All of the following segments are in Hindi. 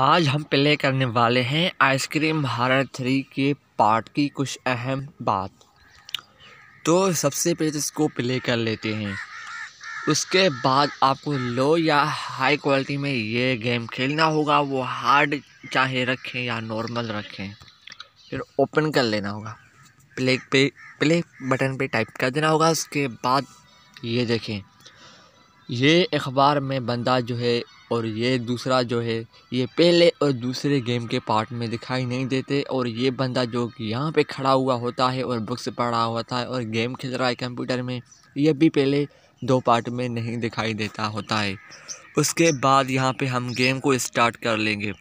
आज हम प्ले करने वाले हैं आइसक्रीम हारर थ्री के पार्ट की कुछ अहम बात तो सबसे पहले तो इसको प्ले कर लेते हैं उसके बाद आपको लो या हाई क्वालिटी में ये गेम खेलना होगा वो हार्ड चाहे रखें या नॉर्मल रखें फिर ओपन कर लेना होगा प्ले पे प्ले बटन पे टाइप कर देना होगा उसके बाद ये देखें ये अखबार में बंदा जो है और ये दूसरा जो है ये पहले और दूसरे गेम के पार्ट में दिखाई नहीं देते और ये बंदा जो कि यहाँ पे खड़ा हुआ होता है और बुक्स पढ़ा होता है और गेम खेल रहा है कंप्यूटर में ये भी पहले दो पार्ट में नहीं दिखाई देता होता है उसके बाद यहाँ पे हम गेम को स्टार्ट कर लेंगे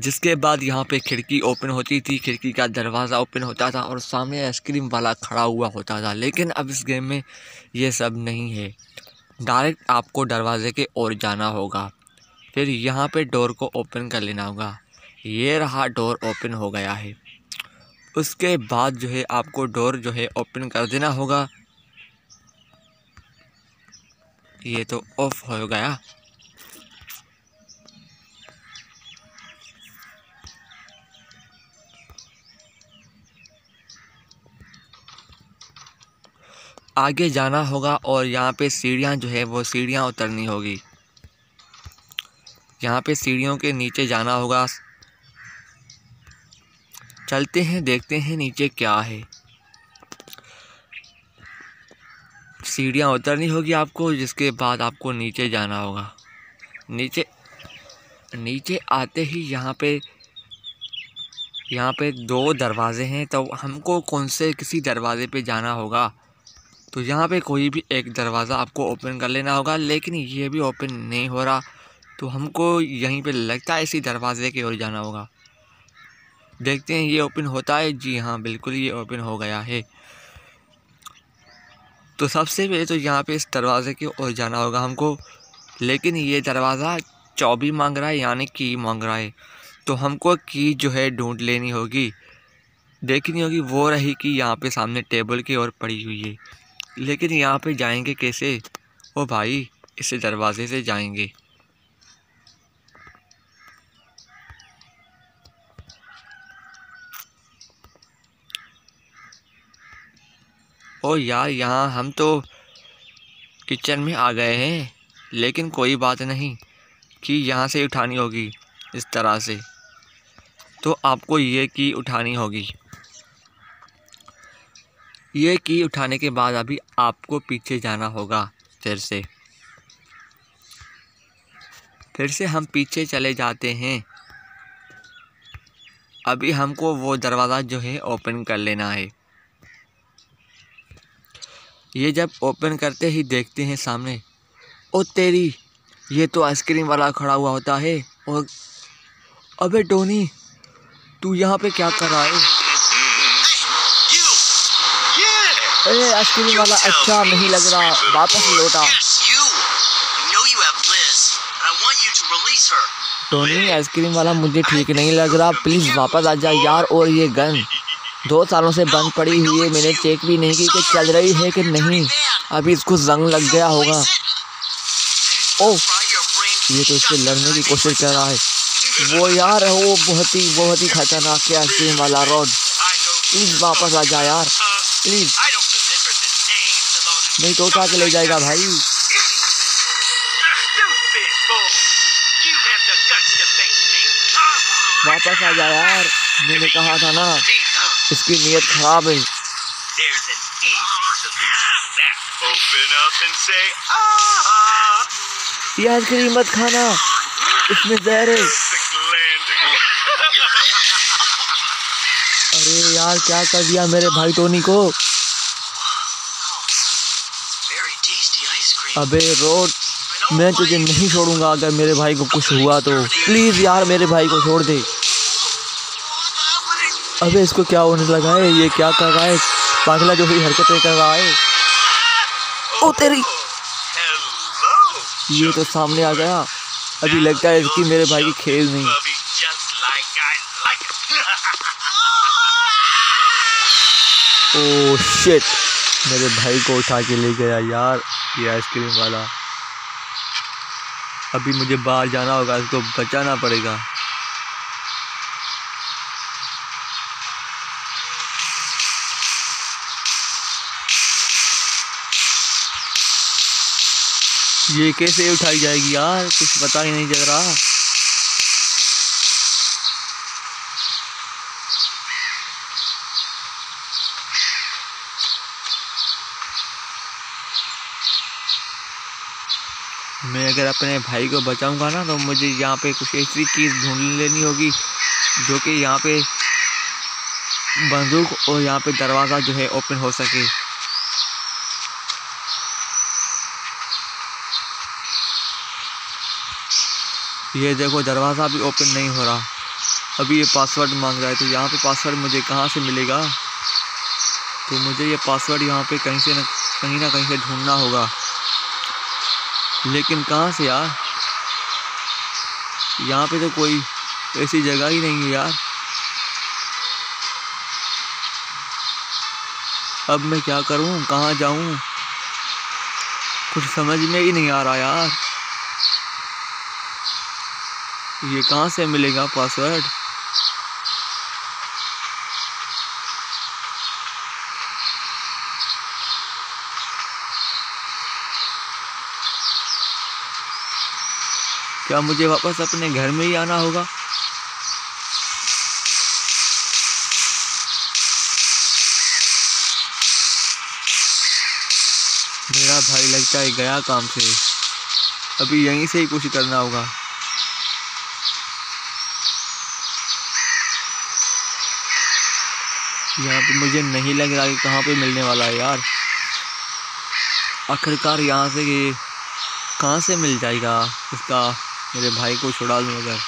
जिसके बाद यहाँ पे खिड़की ओपन होती थी खिड़की का दरवाज़ा ओपन होता था और सामने आइसक्रीम वाला खड़ा हुआ होता था लेकिन अब इस गेम में ये सब नहीं है डायरेक्ट आपको दरवाज़े के ओर जाना होगा फिर यहाँ पे डोर को ओपन कर लेना होगा ये रहा डोर ओपन हो गया है उसके बाद जो है आपको डोर जो है ओपन कर देना होगा ये तो ऑफ हो गया आगे जाना होगा और यहाँ पे सीढ़ियाँ जो है वो सीढ़ियाँ उतरनी होगी यहाँ पे सीढ़ियों के नीचे जाना होगा चलते हैं देखते हैं नीचे क्या है सीढ़ियाँ उतरनी होगी आपको जिसके बाद आपको नीचे जाना होगा नीचे नीचे आते ही यहाँ पे यहाँ पे दो दरवाज़े हैं तो हमको कौन से किसी दरवाज़े पे जाना होगा तो यहाँ पे कोई भी एक दरवाज़ा आपको ओपन कर लेना होगा लेकिन ये भी ओपन नहीं हो रहा तो हमको यहीं पे लगता है इसी दरवाज़े की ओर जाना होगा देखते हैं ये ओपन होता है जी हाँ बिल्कुल ये ओपन हो गया है तो सबसे पहले तो यहाँ पे इस दरवाज़े की ओर जाना होगा हमको लेकिन ये दरवाज़ा चौबी मांग रहा है यानी की मांग रहा है तो हमको की जो है ढूंढ लेनी होगी देखनी होगी वो रही कि यहाँ पे सामने टेबल की ओर पड़ी हुई है लेकिन यहाँ पे जाएंगे कैसे ओ भाई इस दरवाज़े से जाएंगे और यार यहाँ हम तो किचन में आ गए हैं लेकिन कोई बात नहीं कि यहाँ से उठानी होगी इस तरह से तो आपको ये की उठानी होगी ये की उठाने के बाद अभी आपको पीछे जाना होगा फिर से फिर से हम पीछे चले जाते हैं अभी हमको वो दरवाज़ा जो है ओपन कर लेना है ये जब ओपन करते ही देखते हैं सामने ओ तेरी ये तो आइसक्रीम वाला खड़ा हुआ होता है और अबे टोनी तू यहाँ पे क्या कर रहा है अरे आइसक्रीम वाला अच्छा नहीं लग रहा वापस लौटा टोनी आइसक्रीम वाला मुझे ठीक नहीं लग रहा प्लीज़ वापस आ जा यार और ये गन दो सालों से बंद पड़ी हुई है मैंने चेक भी नहीं की कि चल रही है कि नहीं अभी इसको जंग लग गया होगा ओ ये तो इससे लड़ने की कोशिश कर रहा है वो यार है वो बहुत ही बहुत ही खतरनाक है आइसक्रीम वाला रोड प्लीज़ वापस आ जा यार प्लीज़ नहीं तो उठा के ले जाएगा भाई वापस आ जा यार मैंने कहा था ना इसकी नीयत खराब है ah, ah. ये आइसक्रीम मत खाना इसमें जहर है अरे यार क्या कर दिया मेरे भाई टोनी को अबे रोड मैं तुझे नहीं छोड़ूंगा अगर मेरे भाई को कुछ हुआ तो प्लीज़ यार मेरे भाई को छोड़ दे अबे इसको क्या होने लगा है ये क्या कर रहा है पागला जो भी हरकतें कर रहा है ओ तेरी ये तो सामने आ गया अभी लगता है इसकी मेरे भाई की खेल नहीं ओ शिट मेरे भाई को उठा के ले गया यार ये आइसक्रीम वाला अभी मुझे बाहर जाना होगा इसको बचाना पड़ेगा ये कैसे उठाई जाएगी यार कुछ पता ही नहीं चल रहा मैं अगर अपने भाई को बचाऊंगा ना तो मुझे यहाँ पे कुछ ऐसी चीज़ ढूंढ लेनी होगी जो कि यहाँ पे बंदूक और यहाँ पे दरवाज़ा जो है ओपन हो सके ये देखो दरवाज़ा भी ओपन नहीं हो रहा अभी ये पासवर्ड मांग रहा है तो यहाँ पे पासवर्ड मुझे कहाँ से मिलेगा तो मुझे ये पासवर्ड यहाँ पे कहीं से न कहीं ना कहीं से ढूंढना होगा लेकिन कहाँ से यार यहाँ पे तो कोई ऐसी जगह ही नहीं है यार अब मैं क्या करूँ कहाँ जाऊँ कुछ समझ में ही नहीं आ रहा यार ये कहाँ से मिलेगा पासवर्ड क्या मुझे वापस अपने घर में ही आना होगा मेरा भाई लगता है गया काम से अभी यहीं से ही कुछ करना होगा यहाँ पे मुझे नहीं लग रहा कि कहाँ पे मिलने वाला है यार आखिरकार यहाँ से ये कहाँ से मिल जाएगा इसका मेरे भाई को छुड़ा दूँ अगर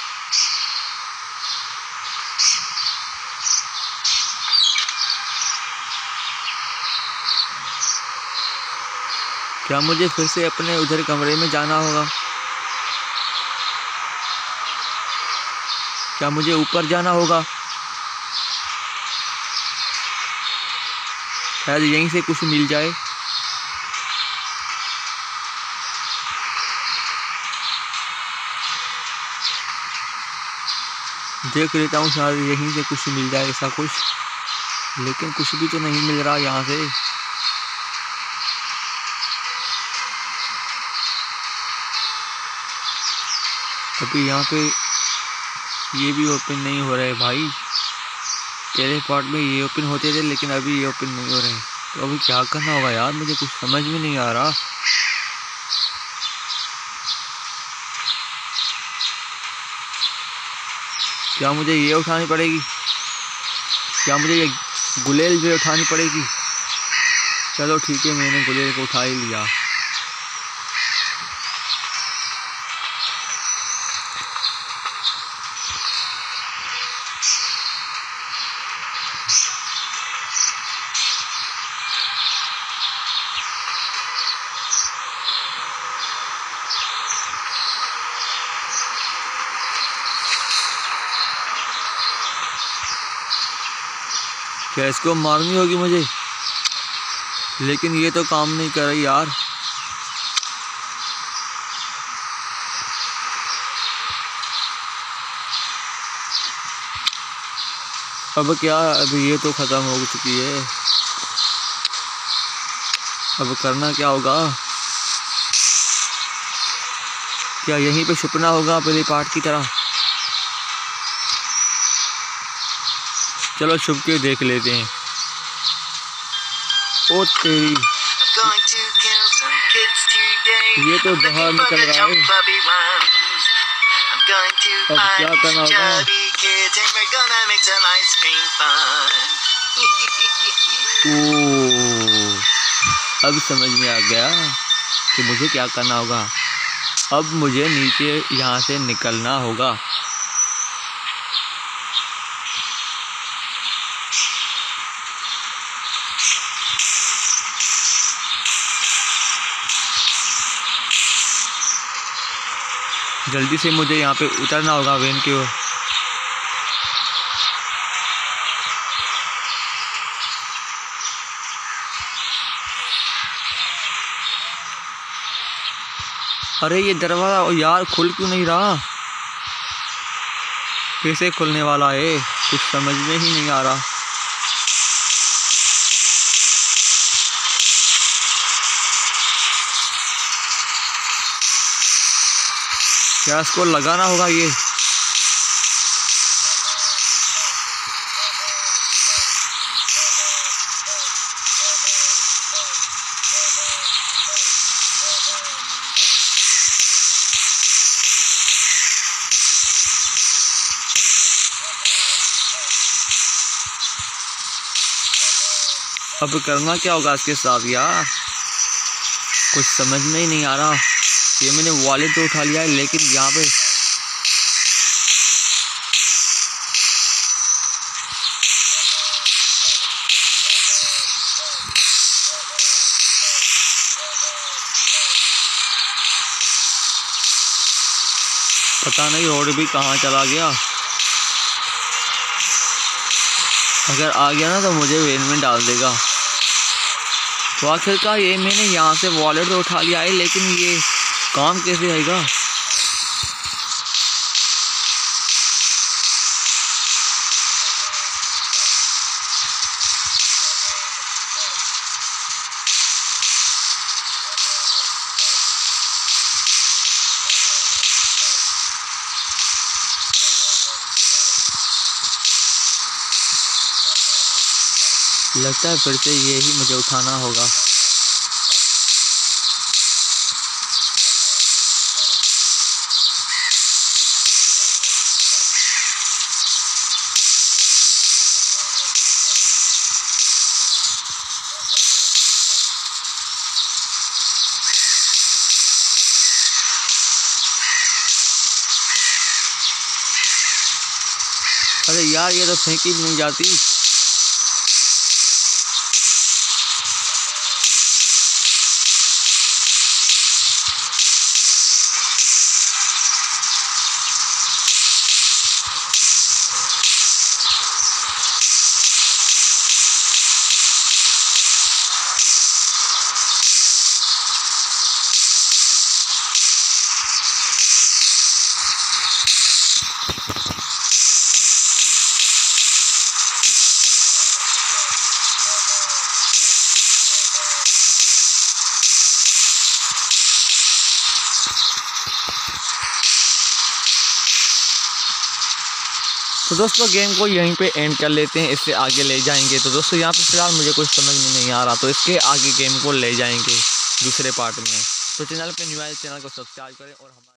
क्या मुझे फिर से अपने उधर कमरे में जाना होगा क्या मुझे ऊपर जाना होगा शायद यहीं से कुछ मिल जाए देख लेता हूँ शायद यहीं से कुछ मिल जाए ऐसा कुछ लेकिन कुछ भी तो नहीं मिल रहा यहाँ से अभी यहाँ पे ये भी ओपन नहीं हो रहा है भाई पहले पार्ट में ये ओपन होते थे लेकिन अभी ये ओपन नहीं हो रहे तो अभी क्या करना होगा यार मुझे कुछ समझ में नहीं आ रहा क्या मुझे ये उठानी पड़ेगी क्या मुझे ये गुलेल भी उठानी पड़ेगी चलो ठीक है मैंने गुलेल को उठा ही लिया क्या इसको मारनी होगी मुझे लेकिन ये तो काम नहीं कर रही यार अब क्या अब ये तो ख़त्म हो चुकी है अब करना क्या होगा क्या यहीं पे छुपना होगा पहले पार्ट की तरह चलो छुप के देख लेते हैं ओ तेरी ये तो बाहर निकल रहा है अब क्या करना होगा ओ अब समझ में आ गया कि मुझे क्या करना होगा अब मुझे नीचे यहाँ से निकलना होगा जल्दी से मुझे यहाँ पे उतरना होगा वेन की ओर अरे ये दरवाज़ा यार खुल क्यों नहीं रहा कैसे खुलने वाला है कुछ समझ में ही नहीं आ रहा क्या इसको लगाना होगा ये अब करना क्या होगा इसके साथ यार कुछ समझ में ही नहीं आ रहा ये मैंने वॉलेट तो उठा लिया है लेकिन यहाँ पे पता नहीं रोड भी कहाँ चला गया अगर आ गया ना तो मुझे वेन में डाल देगा तो आखिरकार ये मैंने यहाँ से वॉलेट तो उठा लिया है लेकिन ये काम कैसे आएगा लगता है फिर से यही मुझे उठाना होगा अरे यार ये तो फेंकी नहीं जाती तो दोस्तों गेम को यहीं पे एंड कर लेते हैं इससे आगे ले जाएंगे तो दोस्तों यहाँ पे फ़िलहाल मुझे कुछ समझ में नहीं आ रहा तो इसके आगे गेम को ले जाएंगे दूसरे पार्ट में तो चैनल पे न्यू आए चैनल को सब्सक्राइब करें और हमारे